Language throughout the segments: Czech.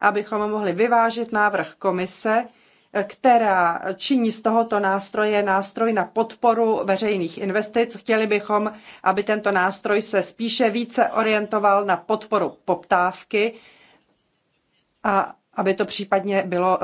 abychom mohli vyvážit návrh komise, která činí z tohoto nástroje nástroj na podporu veřejných investic. Chtěli bychom, aby tento nástroj se spíše více orientoval na podporu poptávky a aby to případně bylo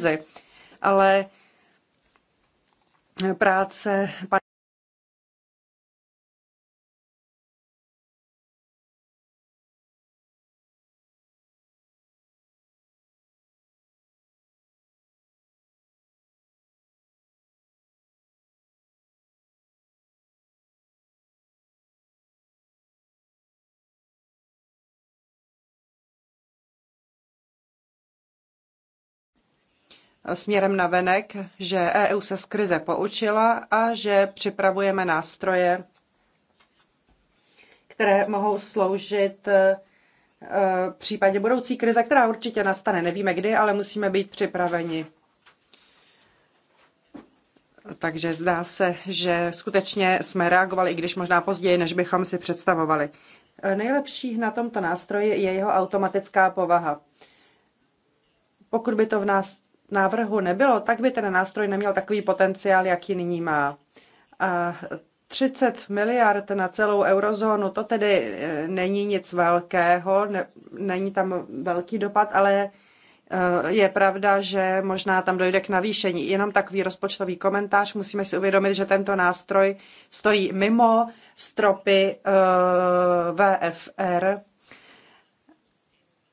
krizi, ale práce směrem na venek, že EU se z krize poučila a že připravujeme nástroje, které mohou sloužit e, v případě budoucí krize, která určitě nastane. Nevíme kdy, ale musíme být připraveni. Takže zdá se, že skutečně jsme reagovali, i když možná později, než bychom si představovali. E, nejlepší na tomto nástroji je jeho automatická povaha. Pokud by to v nás návrhu nebylo, tak by ten nástroj neměl takový potenciál, jaký nyní má. A 30 miliard na celou eurozónu, to tedy e, není nic velkého, ne, není tam velký dopad, ale e, je pravda, že možná tam dojde k navýšení. Jenom takový rozpočtový komentář. Musíme si uvědomit, že tento nástroj stojí mimo stropy e, VFR,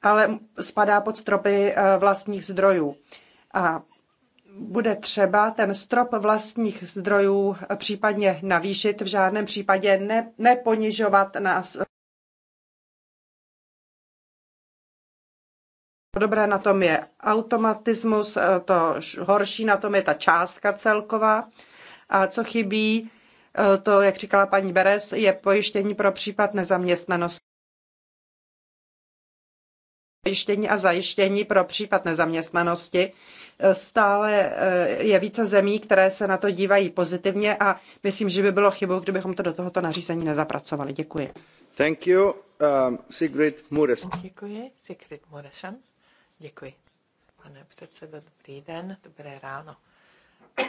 ale spadá pod stropy vlastních zdrojů a bude třeba ten strop vlastních zdrojů případně navýšit, v žádném případě ne, neponižovat nás. Dobré na tom je automatismus, to horší na tom je ta částka celková. A co chybí, to, jak říkala paní Beres, je pojištění pro případ nezaměstnanosti pojištění a zajištění pro případ nezaměstnanosti. Stále eh, je více zemí, které se na to dívají pozitivně a myslím, že by bylo chybou, kdybychom to do tohoto nařízení nezapracovali. Děkuji. Thank you, um, Sigrid Mures. Děkuji, Sigrid Muresan. Děkuji. Pane předsedo, dobrý den, dobré ráno.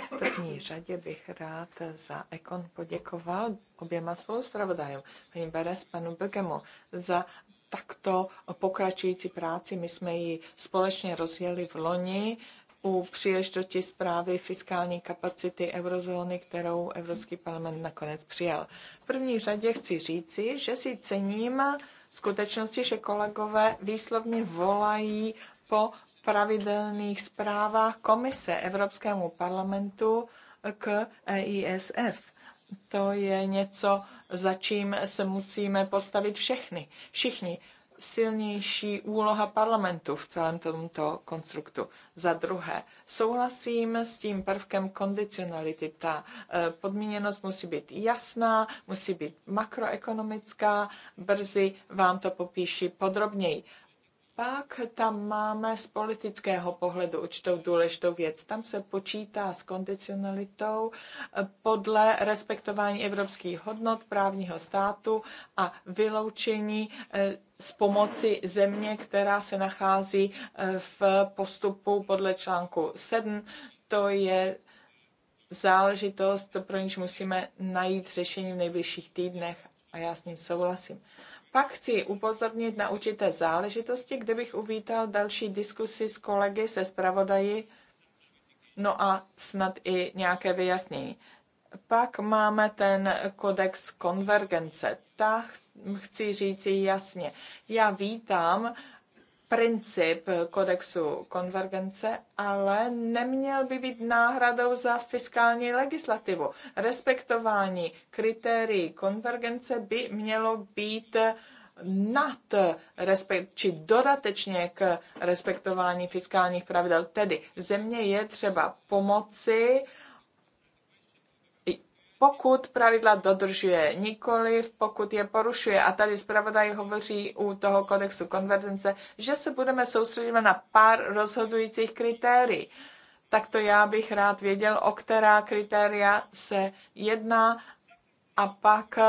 V první řadě bych rád za Ekon poděkoval oběma zpravodajům, paní Beres, panu Begemu, za takto pokračující práci. My jsme ji společně rozjeli v loni u příležitosti zprávy fiskální kapacity eurozóny, kterou Evropský parlament nakonec přijal. V první řadě chci říci, že si cením skutečnosti, že kolegové výslovně volají po pravidelných zprávách Komise Evropskému parlamentu k EISF to je něco, za čím se musíme postavit všechny, všichni. Silnější úloha parlamentu v celém tomto konstruktu. Za druhé, souhlasím s tím prvkem kondicionality. Ta eh, podmíněnost musí být jasná, musí být makroekonomická. Brzy vám to popíši podrobněji. Pak tam máme z politického pohledu určitou důležitou věc. Tam se počítá s kondicionalitou eh, podle respektování evropských hodnot, právního státu a vyloučení s eh, pomoci země, která se nachází eh, v postupu podle článku 7. To je záležitost, pro níž musíme najít řešení v nejbližších týdnech a já s ním souhlasím. Pak chci upozornit na určité záležitosti, kde bych uvítal další diskusy s kolegy, se zpravodaji, no a snad i nějaké vyjasnění. Pak máme ten kodex konvergence. Ta chci říci jasně. Já vítám princip kodexu konvergence, ale neměl by být náhradou za fiskální legislativu. Respektování kritérií konvergence by mělo být nad respekt, či dodatečně k respektování fiskálních pravidel. Tedy země je třeba pomoci pokud pravidla dodržuje, nikoli pokud je porušuje. A tady zpravodaj hovoří u toho kodexu konvergence, že se budeme soustředit na pár rozhodujících kritérií. Tak to já bych rád věděl, o která kritéria se jedná a pak eh,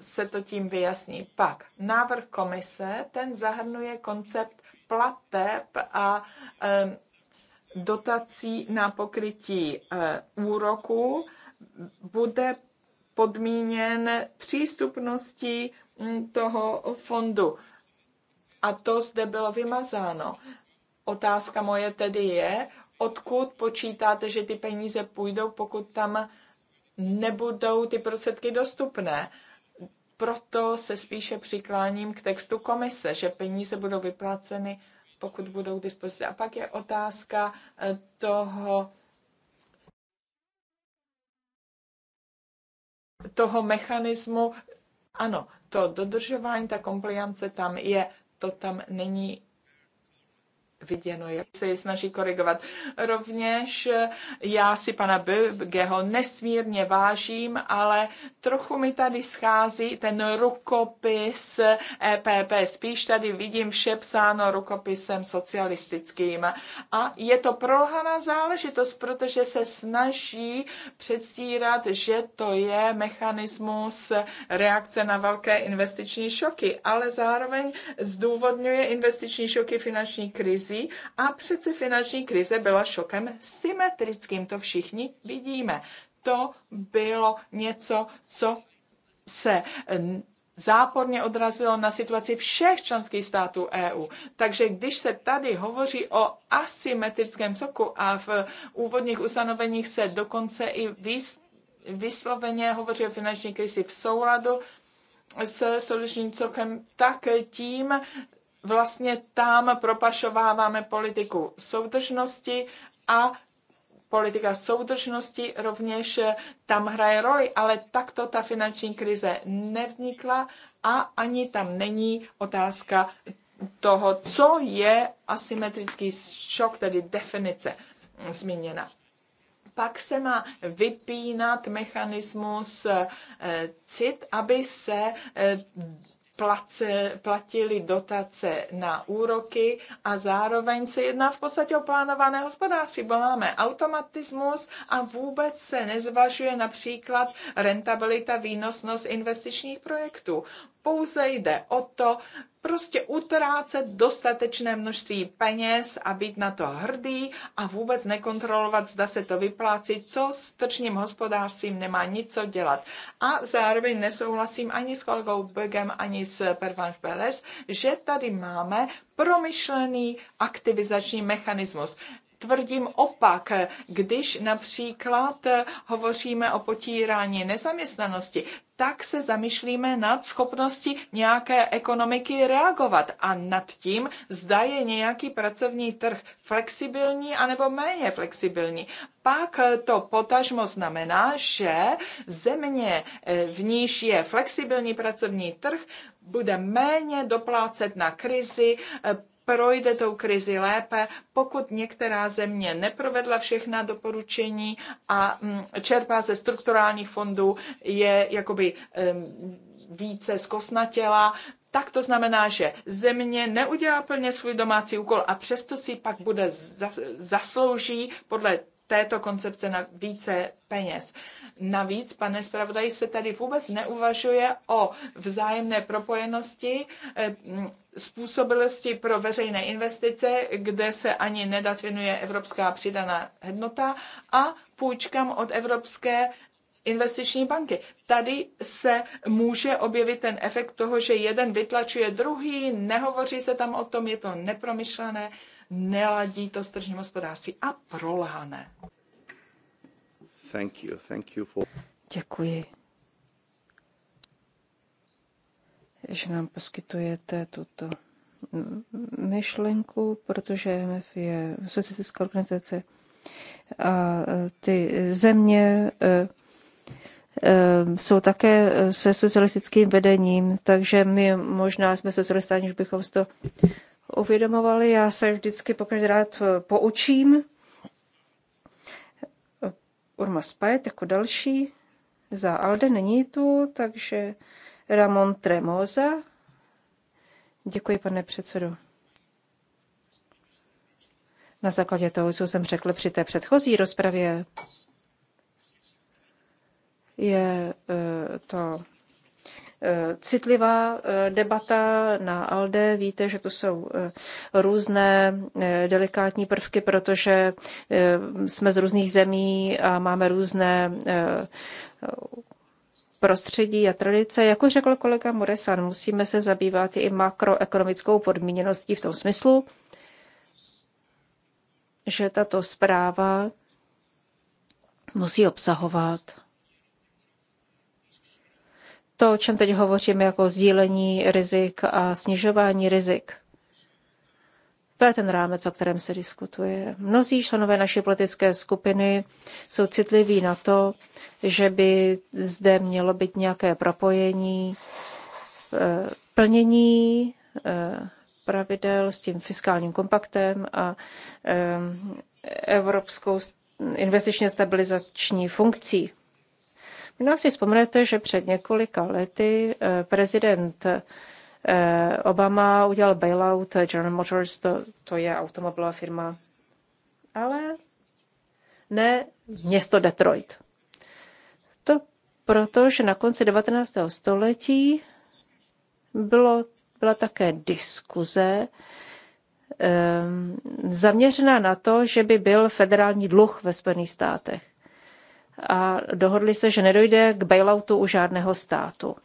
se to tím vyjasní. Pak návrh komise, ten zahrnuje koncept plateb a um, dotací na pokrytí eh, úroku bude podmíněn přístupností mm, toho fondu. A to zde bylo vymazáno. Otázka moje tedy je, odkud počítáte, že ty peníze půjdou, pokud tam nebudou ty prostředky dostupné. Proto se spíše přikláním k textu komise, že peníze budou vypláceny pokud budou k dispozici. A pak je otázka eh, toho, toho mechanismu, ano, to dodržování, ta kompliance tam je, to tam není viděno, jak se je snaží korigovat. Rovněž eh, já si pana Bögeho nesmírně vážím, ale trochu mi tady schází ten rukopis EPP. Spíš tady vidím vše psáno rukopisem socialistickým. A je to prolhaná záležitost, protože se snaží předstírat, že to je mechanismus reakce na velké investiční šoky, ale zároveň zdůvodňuje investiční šoky finanční krizi krizí a přece finanční krize byla šokem symetrickým, to všichni vidíme. To bylo něco, co se záporně odrazilo na situaci všech členských států EU. Takže když se tady hovoří o asymetrickém soku a v úvodních ustanoveních se dokonce i vysloveně hovoří o finanční krizi v souladu s soličním cokem, tak tím vlastně tam propašováváme politiku soudržnosti a politika soudržnosti rovněž tam hraje roli, ale takto ta finanční krize nevznikla a ani tam není otázka toho, co je asymetrický šok, tedy definice zmíněna. Pak se má vypínat mechanismus eh, cit, aby se eh, place, platili dotace na úroky a zároveň se jedná v podstatě o plánované hospodářství, bo máme automatismus a vůbec se nezvažuje například rentabilita, výnosnost investičních projektů. Pouze jde o to prostě utrácet dostatečné množství peněz a být na to hrdý a vůbec nekontrolovat, zda se to vyplácí, co s tržním hospodářstvím nemá nic co dělat. A zároveň nesouhlasím ani s kolegou Bögem, ani s Pervanš Beles, že tady máme promyšlený aktivizační mechanismus tvrdím opak. Když například hovoříme o potírání nezaměstnanosti, tak se zamýšlíme nad schopností nějaké ekonomiky reagovat a nad tím, zda je nějaký pracovní trh flexibilní anebo méně flexibilní. Pak to potažmo znamená, že země, eh, v níž je flexibilní pracovní trh, bude méně doplácet na krizi, eh, projde tou krizi lépe, pokud některá země neprovedla všechna doporučení a mm, čerpá ze strukturálních fondů, je jakoby více zkosnatěla, tak to znamená, že země neudělá plně svůj domácí úkol a přesto si pak bude zaslouží podle této koncepce na více peněz. Navíc, pane zpravodaj, se tady vůbec neuvažuje o vzájemné propojenosti eh, způsobilosti pro veřejné investice, kde se ani nedafinuje evropská přidaná hodnota a půjčkám od Evropské investiční banky. Tady se může objevit ten efekt toho, že jeden vytlačuje druhý, nehovoří se tam o tom, je to nepromyšlené neladí to s tržním hospodářství a prolhané. Thank you, thank you for... Děkuji, že nám poskytujete tuto myšlenku, protože MF je socialistická organizace a ty země eh, eh, jsou také se socialistickým vedením, takže my možná jsme socialistáni, už bychom to uvědomovali. Já se vždycky pokaždé rád eh, poučím. Urma Spajet jako další za Alde není tu, takže Ramon Tremosa. Děkuji, pane předsedo. Na základě toho, co jsem řekl při té předchozí rozpravě, je eh, to Eh, citlivá eh, debata na ALDE. Víte, že tu jsou eh, různé delikátní prvky, protože jsme z různých zemí a máme různé prostředí a tradice. Jak už řekl kolega Moresan, musíme se zabývat i makroekonomickou podmíněností v tom smyslu, že tato zpráva musí obsahovat to, o čem teď hovoříme, jako sdílení rizik a snižování rizik. To je ten rámec, o kterém se diskutuje. Mnozí členové naší politické skupiny jsou citliví na to, že by zde mělo být nějaké propojení, eh, plnění eh, pravidel s tím fiskálním kompaktem a eh, evropskou investičně stabilizační funkcí. Možná no, si vzpomenete, že před několika lety eh, prezident eh, Obama udělal bailout General Motors, to, to je automobilová firma, ale ne město Detroit. To proto, že na konci 19. století bylo, byla také diskuze ehm, zaměřená na to, že by byl federální dluh ve Spojených státech a dohodli se, že nedojde k bailoutu u žádného státu.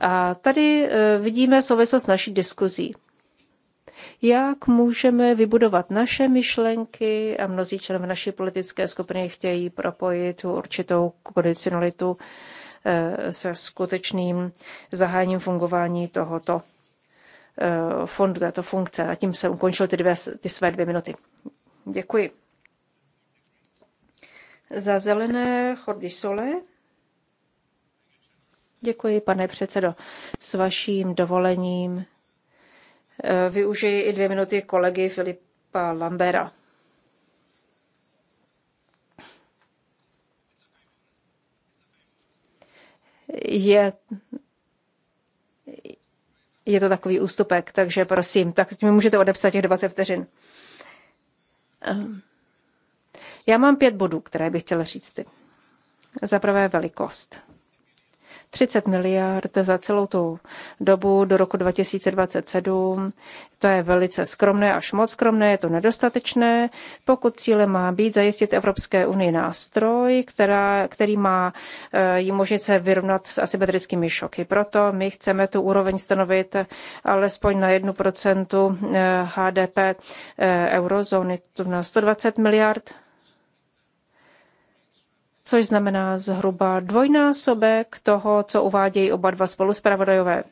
A tady e, vidíme souvislost naší diskuzí. Jak můžeme vybudovat naše myšlenky a mnozí členové naší politické skupiny chtějí propojit určitou kondicionalitu e, se skutečným zahájením fungování tohoto e, fondu, této funkce. A tím se ukončil ty, dvě, ty své dvě minuty. Děkuji. Za zelené chordy Sole. Děkuji, pane předsedo. S vaším dovolením eh, využiji i dvě minuty kolegy Filipa Lambera. Je, je to takový ústupek, takže prosím, tak mi můžete odepsat těch 20 vteřin. Um. Já mám pět bodů, které bych chtěla říct ty. Za prvé velikost. 30 miliard za celou tu dobu do roku 2027. To je velice skromné, až moc skromné, je to nedostatečné. Pokud cílem má být zajistit Evropské unii nástroj, která, který má eh, jí možnit se vyrovnat s asymetrickými šoky. Proto my chceme tu úroveň stanovit alespoň na 1% eh, HDP eh, eurozóny, to na 120 miliard což znamená zhruba dvojnásobek toho, co uvádějí oba dva spoluspravodajové.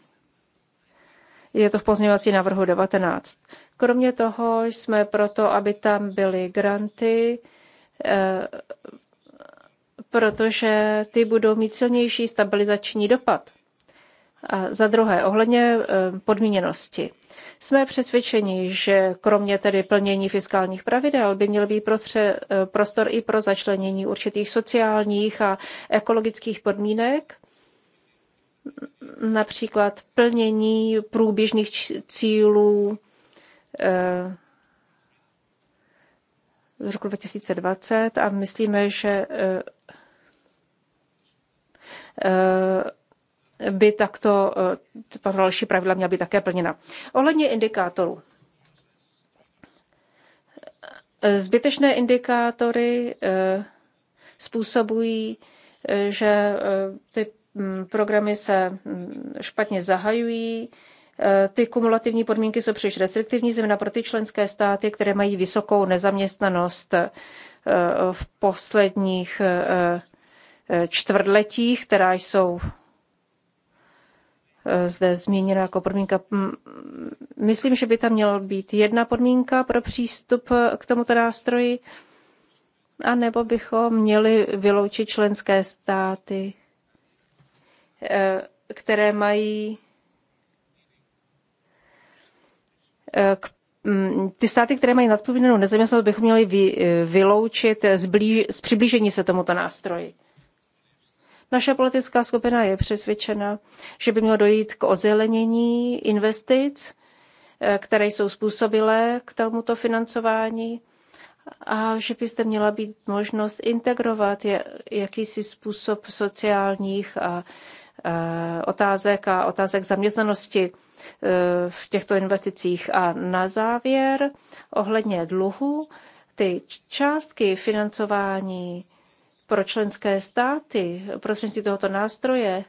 Je to v pozměvací návrhu 19. Kromě toho jsme proto, aby tam byly granty, eh, protože ty budou mít silnější stabilizační dopad. A za druhé, ohledně eh, podmíněnosti. Jsme přesvědčeni, že kromě tedy plnění fiskálních pravidel by měl být prostře, eh, prostor i pro začlenění určitých sociálních a ekologických podmínek, například plnění průběžných cílů eh, z roku 2020 a myslíme, že eh, by takto, eh, tato další pravidla měla být také plněna. Ohledně indikátorů. Eh, zbytečné indikátory eh, způsobují, že ty mm, programy se mm, špatně zahajují, ty kumulativní podmínky jsou příliš restriktivní, zejména pro ty členské státy, které mají vysokou nezaměstnanost v posledních čtvrtletích, která jsou Eh, zde zmíněna jako podmínka. Myslím, že by tam měla být jedna podmínka pro přístup eh, k tomuto nástroji, anebo bychom měli vyloučit členské státy, eh, které mají k ty státy, které mají nadpovědnou nezaměstnanost, bychom měli vyloučit z, blíž, z přiblížení se tomuto nástroji. Naše politická skupina je přesvědčena, že by mělo dojít k ozelenění investic, eh, které jsou způsobilé k tomuto financování a že by zde měla být možnost integrovat jakýsi způsob sociálních a otázek a otázek zaměstnanosti eh, v těchto investicích. A na závěr ohledně dluhu, ty částky financování pro členské státy prostřednictvím tohoto nástroje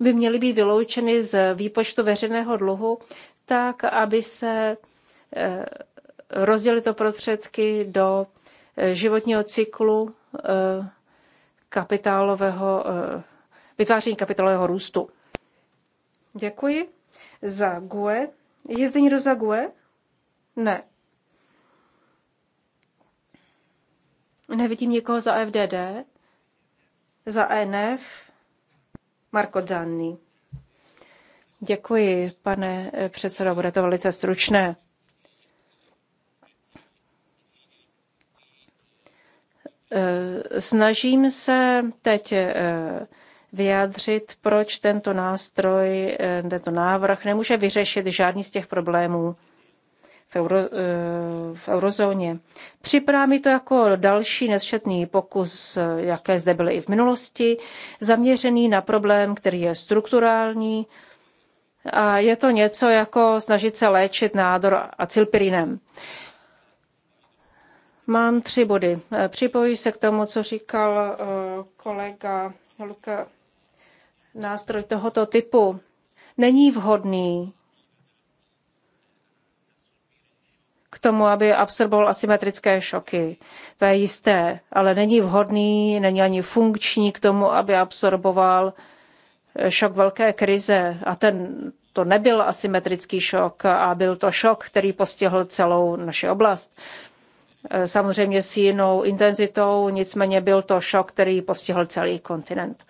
by měly být vyloučeny z výpočtu veřejného dluhu, tak aby se eh, rozdělily to prostředky do eh, životního cyklu eh, kapitálového, vytváření kapitálového růstu. Děkuji. Za GUE. Je zde někdo za GUE? Ne. Nevidím někoho za FDD, za ENF, Marko Zanni. Děkuji, pane eh, předsedo, bude to velice stručné. Eh, snažím se teď eh, vyjádřit, proč tento nástroj, tento návrh nemůže vyřešit žádný z těch problémů, v, euro, eh, v eurozóně. Připadá mi to jako další nesčetný pokus, eh, jaké zde byly i v minulosti, zaměřený na problém, který je strukturální. A je to něco jako snažit se léčit nádor acilpirinem. Mám tři body. Eh, Připojuji se k tomu, co říkal kolega Luka. Nástroj tohoto typu není vhodný k tomu, aby absorboval asymetrické šoky. To je jisté, ale není vhodný, není ani funkční k tomu, aby absorboval eh, šok velké krize. A ten, to nebyl asymetrický šok a byl to šok, který postihl celou naši oblast. Eh, samozřejmě s jinou intenzitou, nicméně byl to šok, který postihl celý kontinent.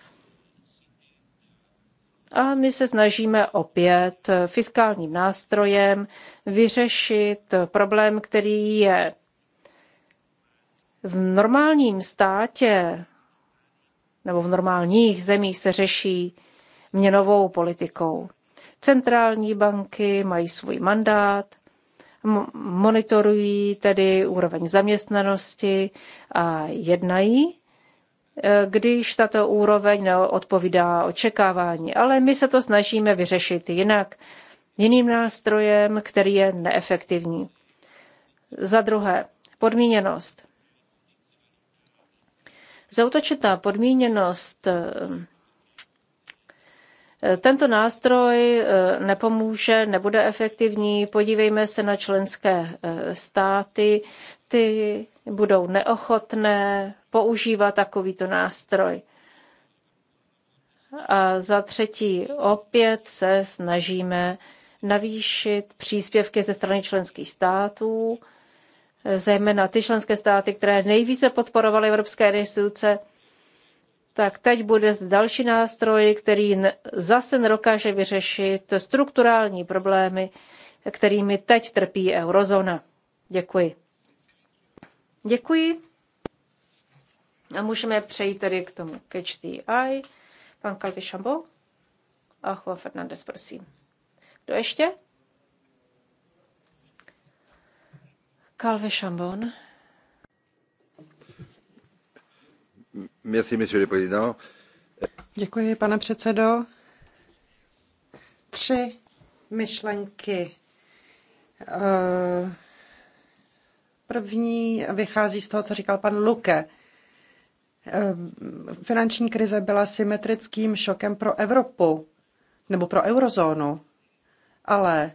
A my se snažíme opět fiskálním nástrojem vyřešit problém, který je v normálním státě nebo v normálních zemích se řeší měnovou politikou. Centrální banky mají svůj mandát, monitorují tedy úroveň zaměstnanosti a jednají když tato úroveň neodpovídá očekávání. Ale my se to snažíme vyřešit jinak, jiným nástrojem, který je neefektivní. Za druhé, podmíněnost. Zautočitá podmíněnost tento nástroj eh, nepomůže, nebude efektivní. Podívejme se na členské eh, státy. Ty budou neochotné používat takovýto nástroj. A za třetí, opět se snažíme navýšit příspěvky ze strany členských států, zejména ty členské státy, které nejvíce podporovaly evropské instituce, tak teď bude další nástroj, který zase nedokáže vyřešit strukturální problémy, kterými teď trpí eurozóna. Děkuji. Děkuji. A můžeme přejít tedy k tomu catch the eye. Pan Calvi Šambo a Juan Fernandez, prosím. Kdo ještě? Calvi Šambon. Merci, monsieur le président. Děkuji, pane předsedo. Tři myšlenky. Uh První vychází z toho, co říkal pan Luke. Ehm, finanční krize byla symetrickým šokem pro Evropu nebo pro eurozónu, ale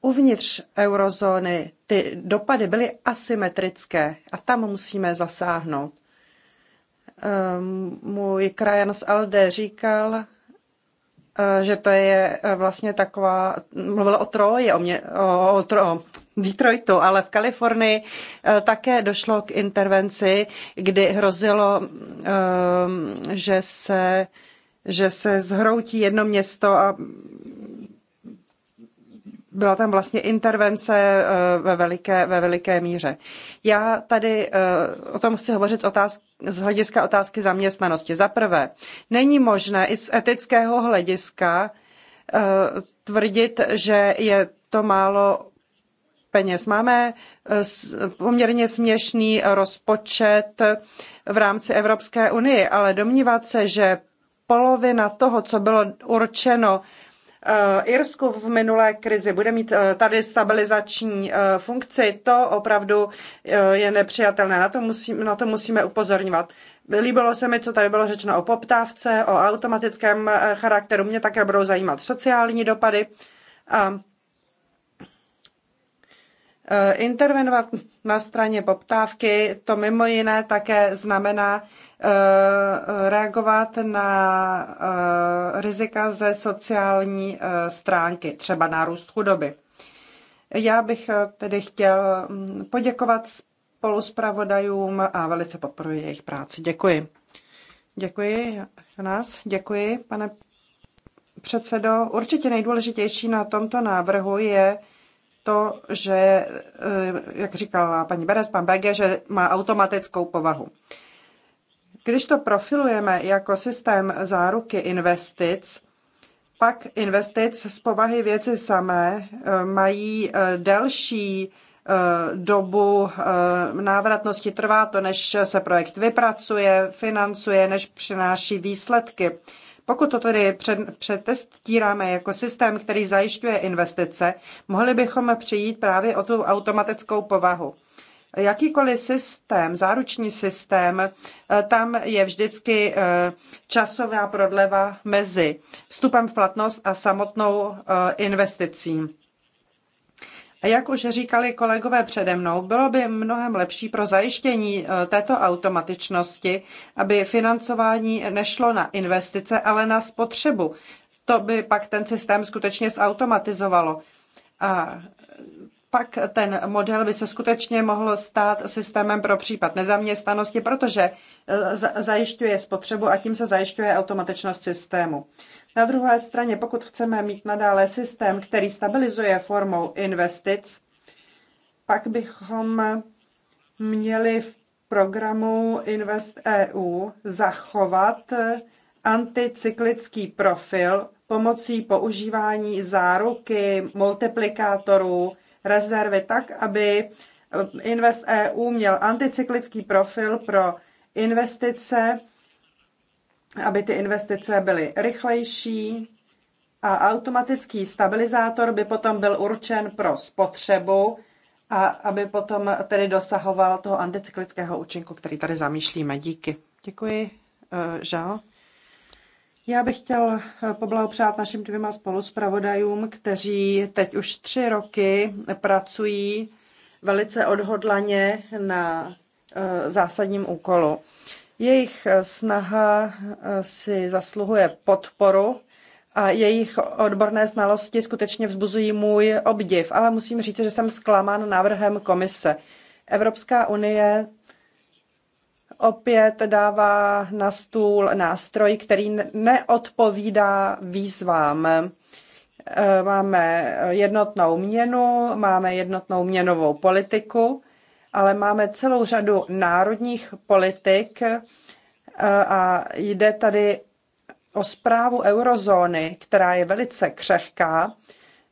uvnitř eurozóny ty dopady byly asymetrické a tam musíme zasáhnout. Ehm, můj krajan z Alde říkal, e, že to je vlastně taková, mluvil o troji, o, mě, o, o, tro, Detroitu, ale v Kalifornii eh, také došlo k intervenci, kdy hrozilo, eh, že se, že se zhroutí jedno město a byla tam vlastně intervence eh, ve veliké, ve veliké míře. Já tady o tom chci hovořit otázk, z hlediska otázky zaměstnanosti. Za prvé, není možné i z etického hlediska tvrdit, že je to málo peněz. Máme eh, poměrně směšný rozpočet v rámci Evropské unie, ale domnívat se, že polovina toho, co bylo určeno eh, Irsku v minulé krizi bude mít eh, tady stabilizační funkci, to opravdu je nepřijatelné. Na to, na to musíme upozorňovat. Líbilo se mi, co tady bylo řečeno o poptávce, o automatickém charakteru. Mě také budou zajímat sociální dopady. A Eh, intervenovat na straně poptávky, to mimo jiné také znamená eh, reagovat na eh, rizika ze sociální stránky, třeba nárůst chudoby. Já bych tedy chtěl hm, poděkovat spoluspravodajům a velice podporuji jejich práci. Děkuji. Děkuji nás, děkuji, pane předsedo. Určitě nejdůležitější na tomto návrhu je, to, že, eh, jak říkala paní Beres, pan BG, že má automatickou povahu. Když to profilujeme jako systém záruky investic, pak investic z povahy věci samé eh, mají eh, delší dobu návratnosti. Trvá to, než se projekt vypracuje, financuje, než přináší výsledky. Pokud to tedy přetestíráme jako systém, který zajišťuje investice, mohli bychom přijít právě o tu automatickou povahu. Jakýkoliv systém, záruční systém, eh, tam je vždycky eh, časová prodleva mezi vstupem v platnost a samotnou eh, investicí. A jak už říkali kolegové přede mnou, bylo by mnohem lepší pro zajištění eh, této automatičnosti, aby financování nešlo na investice, ale na spotřebu. To by pak ten systém skutečně zautomatizovalo. A pak ten model by se skutečně mohl stát systémem pro případ nezaměstnanosti, protože e, zajišťuje spotřebu a tím se zajišťuje automatičnost systému. Na druhé straně, pokud chceme mít nadále systém, který stabilizuje formou investic, pak bychom měli v programu Invest EU zachovat anticyklický profil pomocí používání záruky, multiplikátorů rezervy tak, aby eh, Invest EU měl anticyklický profil pro investice, aby ty investice byly rychlejší a automatický stabilizátor by potom byl určen pro spotřebu a aby potom tedy dosahoval toho anticyklického účinku, který tady zamýšlíme. Díky. Děkuji, eh, Žao. Já bych chtěl eh, poblahopřát našim dvěma spoluspravodajům, kteří teď už tři roky pracují velice odhodlaně na eh, zásadním úkolu. Jejich eh, snaha si zasluhuje podporu a jejich odborné znalosti skutečně vzbuzují můj obdiv, ale musím říct, že jsem zklamán návrhem komise. Evropská unie opět dává na stůl nástroj, který neodpovídá výzvám. E, máme jednotnou měnu, máme jednotnou měnovou politiku, ale máme celou řadu národních politik e, a jde tady o zprávu eurozóny, která je velice křehká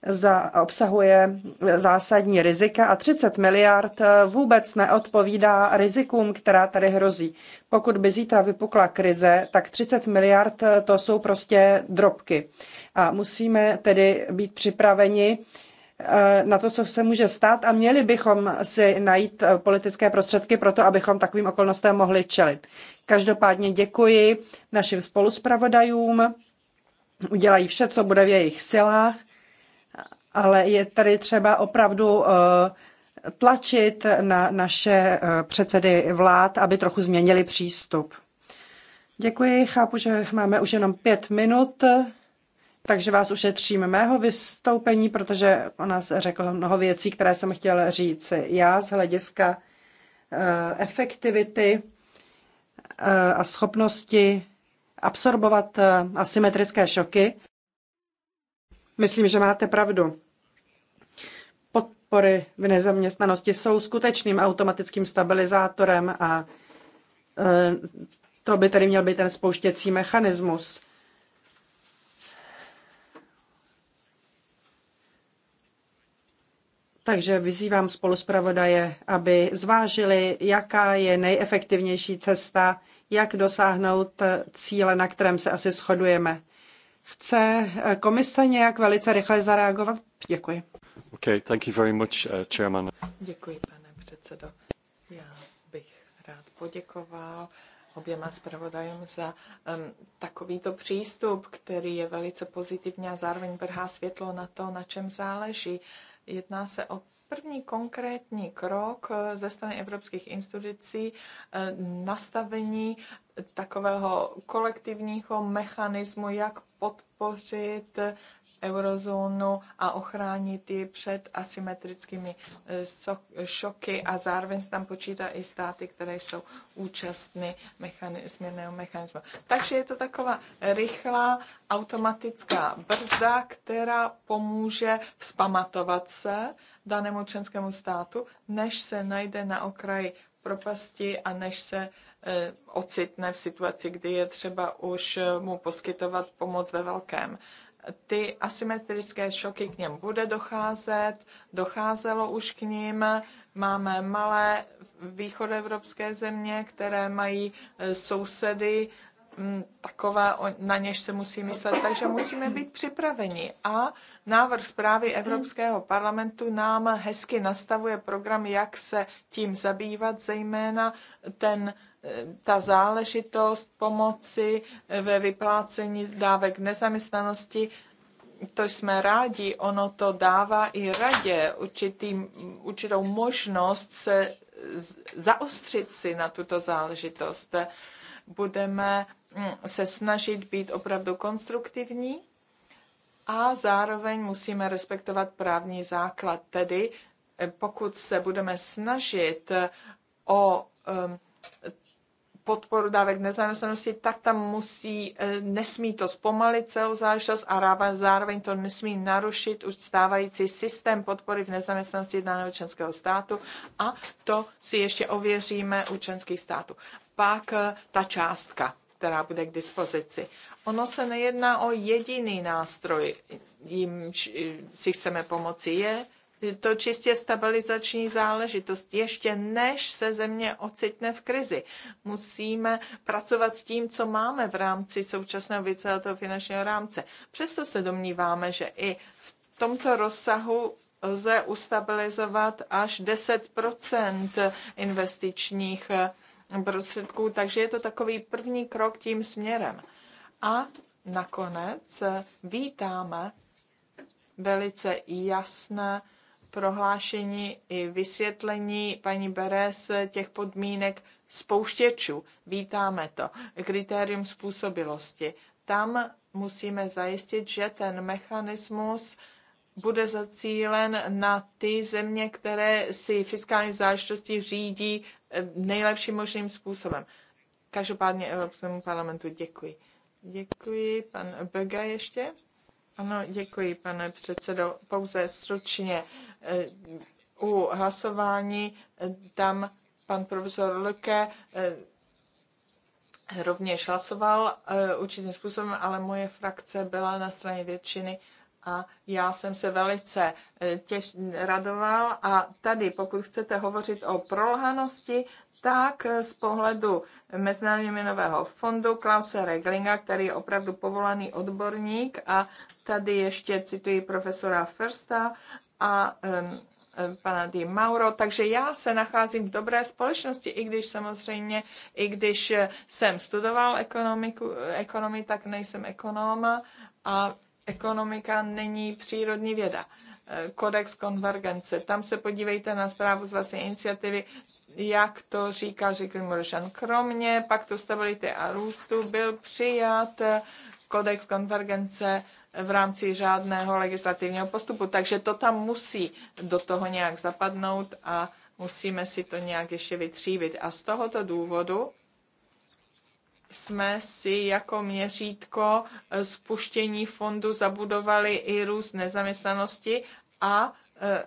za, obsahuje zásadní rizika a 30 miliard eh, vůbec neodpovídá rizikům, která tady hrozí. Pokud by zítra vypukla krize, tak 30 miliard eh, to jsou prostě drobky. A musíme tedy být připraveni eh, na to, co se může stát a měli bychom si najít politické prostředky pro to, abychom takovým okolnostem mohli čelit. Každopádně děkuji našim spoluspravodajům, udělají vše, co bude v jejich silách ale je tady třeba opravdu eh, tlačit na naše eh, předsedy vlád, aby trochu změnili přístup. Děkuji, chápu, že máme už jenom pět minut, takže vás ušetřím mého vystoupení, protože o nás řekl mnoho věcí, které jsem chtěl říct já z hlediska eh, efektivity a schopnosti absorbovat asymetrické šoky. Myslím, že máte pravdu. Podpory v nezaměstnanosti jsou skutečným automatickým stabilizátorem a e, to by tedy měl být ten spouštěcí mechanismus. Takže vyzývám spoluspravodaje, aby zvážili, jaká je nejefektivnější cesta, jak dosáhnout cíle, na kterém se asi shodujeme. Chce eh, komise nějak velice rychle zareagovat? Děkuji. Okay, thank you very much, uh, chairman. Děkuji, pane předsedo. Já bych rád poděkoval oběma zpravodajům za um, takovýto přístup, který je velice pozitivní a zároveň brhá světlo na to, na čem záleží. Jedná se o První konkrétní krok eh, ze strany evropských institucí eh, nastavení takového kolektivního mechanismu, jak podpořit eurozónu a ochránit ji před asymetrickými eh, šoky a zároveň se tam počítá i státy, které jsou účastny směrného mechanismu. Takže je to taková rychlá automatická brzda, která pomůže vzpamatovat se, danému členskému státu, než se najde na okraji propasti a než se e, ocitne v situaci, kdy je třeba už e, mu poskytovat pomoc ve velkém. Ty asymetrické šoky k něm bude docházet, docházelo už k ním. Máme malé východoevropské země, které mají e, sousedy, takové, na něž se musí myslet, takže musíme být připraveni. A Návrh zprávy Evropského parlamentu nám hezky nastavuje program, jak se tím zabývat, zejména ten, eh, ta záležitost pomoci eh, ve vyplácení dávek nezaměstnanosti, to jsme rádi, ono to dává i radě určitý, určitou možnost se zaostřit si na tuto záležitost. Budeme mm, se snažit být opravdu konstruktivní a zároveň musíme respektovat právní základ. Tedy eh, pokud se budeme snažit eh, o ehm, podporu dávek nezaměstnanosti, tak tam musí, eh, nesmí to zpomalit celou záležitost a zároveň to nesmí narušit už stávající systém podpory v nezaměstnanosti daného členského státu a to si ještě ověříme u členských států. Pak ta částka která bude k dispozici. Ono se nejedná o jediný nástroj, jim eh, si chceme pomoci. Je to čistě stabilizační záležitost. Ještě než se země ocitne v krizi, musíme pracovat s tím, co máme v rámci současného víceletého finančního rámce. Přesto se domníváme, že i v tomto rozsahu lze ustabilizovat až 10 investičních eh, prostředků, takže je to takový první krok tím směrem. A nakonec eh, vítáme velice jasné prohlášení i vysvětlení paní Beres eh, těch podmínek spouštěčů. Vítáme to. Kritérium způsobilosti. Tam musíme zajistit, že ten mechanismus bude zacílen na ty země, které si fiskální záležitosti řídí eh, nejlepším možným způsobem. Každopádně Evropskému parlamentu děkuji. Děkuji, pan Bega ještě. Ano, děkuji, pane předsedo. Pouze stručně. Eh, u hlasování eh, tam pan profesor Leke rovněž hlasoval určitým způsobem, ale moje frakce byla na straně většiny a já jsem se velice e, těž, radoval a tady, pokud chcete hovořit o prolhanosti, tak e, z pohledu Mezinárodního měnového fondu Klause Reglinga, který je opravdu povolaný odborník a tady ještě cituji profesora Firsta a um, pana Di Mauro, takže já se nacházím v dobré společnosti, i když samozřejmě, i když jsem studoval ekonomiku, ekonomii, tak nejsem ekonoma a ekonomika není přírodní věda. Eh, kodex konvergence. Tam se podívejte na zprávu z vlastní iniciativy, jak to říká Žikl Moršan. Kromě paktu stability a růstu byl přijat eh, kodex konvergence v rámci žádného legislativního postupu. Takže to tam musí do toho nějak zapadnout a musíme si to nějak ještě vytřívit. A z tohoto důvodu jsme si jako měřítko eh, spuštění fondu zabudovali i růst nezaměstnanosti a eh,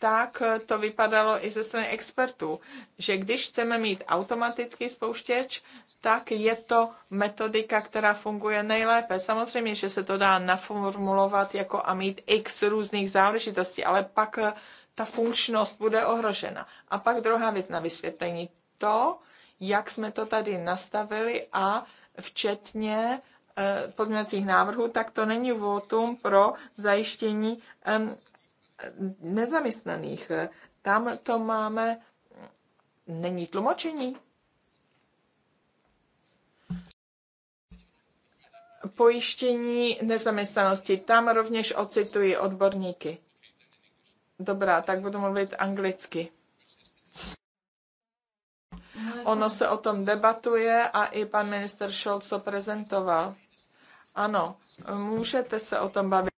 tak to vypadalo i ze strany expertů, že když chceme mít automatický spouštěč, tak je to metodika, která funguje nejlépe. Samozřejmě, že se to dá naformulovat jako a mít x různých záležitostí, ale pak eh, ta funkčnost bude ohrožena. A pak druhá věc na vysvětlení. To, jak jsme to tady nastavili a včetně eh, pozměňovacích návrhů, tak to není votum pro zajištění nezaměstnaných. Tam to máme, není tlumočení. Pojištění nezaměstnanosti, tam rovněž ocituji odborníky. Dobrá, tak budu mluvit anglicky. Ono se o tom debatuje a i pan minister Scholz to prezentoval. Ano, můžete se o tom bavit.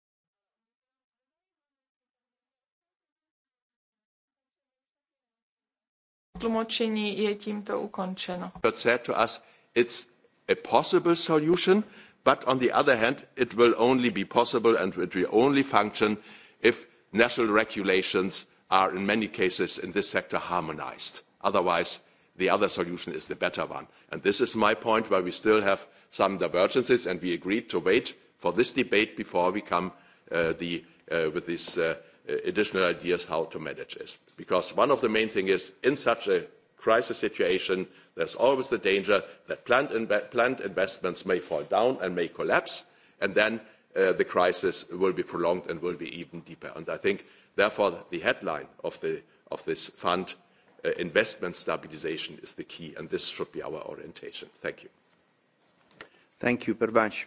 Tlumočení je tímto ukončeno. But said to us, it's a possible solution, but on the other hand, it will only be possible and it will only function if national regulations are in many cases in this sector harmonized. Otherwise, the other solution is the better one. And this is my point where we still have some divergences, and we agreed to wait for this debate before we come uh, the, uh, with these uh, additional ideas how to manage this. Because one of the main things is in such a crisis situation, there's always the danger that planned, investments may fall down and may collapse, and then uh, the crisis will be prolonged and will be even deeper. And I think, therefore, the headline of, the, of this fund Uh, investment stabilization is the key, and this should be our orientation. Thank you. Thank you, Pervanch.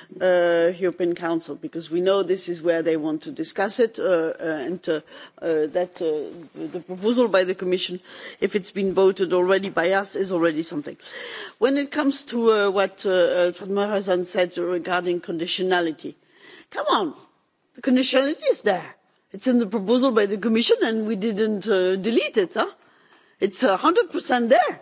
uh, European Council, because we know this is where they want to discuss it, uh, uh and uh, uh that uh, the proposal by the Commission, if it's been voted already by us, is already something. When it comes to what uh, Fatma said regarding conditionality, come on, the conditionality is there. It's in the proposal by the Commission, and we didn't delete it. Huh? It's 100% there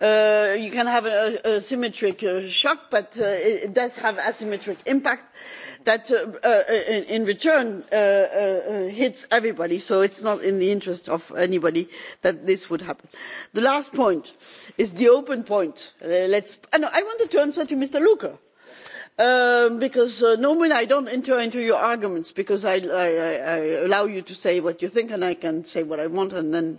Uh, you can have a, symmetric uh, shock but uh, it does have asymmetric impact that in, return hits everybody so it's not in the interest of anybody that this would happen. the last point is the open point. No, i wanted to answer to mr louca um, because normally i don't enter into your arguments because I, I allow you to say what you think and i can say what i want and then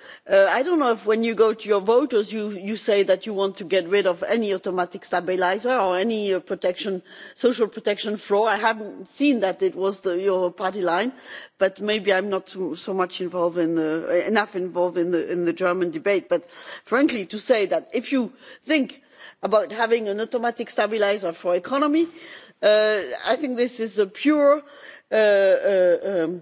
Uh, i do not know if when you go to your voters you, say that you want to get rid of any automatic stabiliser or any uh, social protection floor. i have not seen that it was your party line but maybe i am not so, much involved in, enough involved in the, german debate. but frankly to say that if you think about having an automatic stabiliser for economy uh, i think this is a pure um,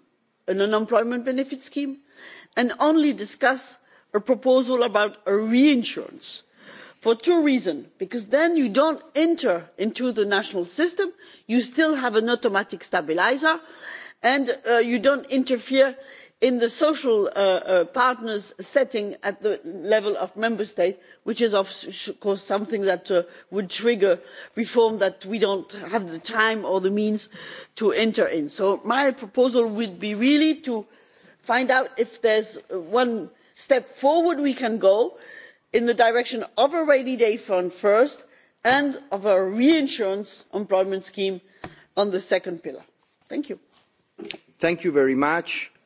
an unemployment benefit scheme and only discuss a proposal about a reinsurance for two reasons because then you don't enter into the national system you still have an automatic stabiliser and uh, you don't interfere in the social uh, uh, partners setting at the level of member states which is of course something that uh, would trigger reform that we don't have the time or the means to enter into. so my proposal would be really to find out if there is one step forward we can go in the direction of a rainy day fund first and of a reinsurance employment scheme on the second pillar. thank you.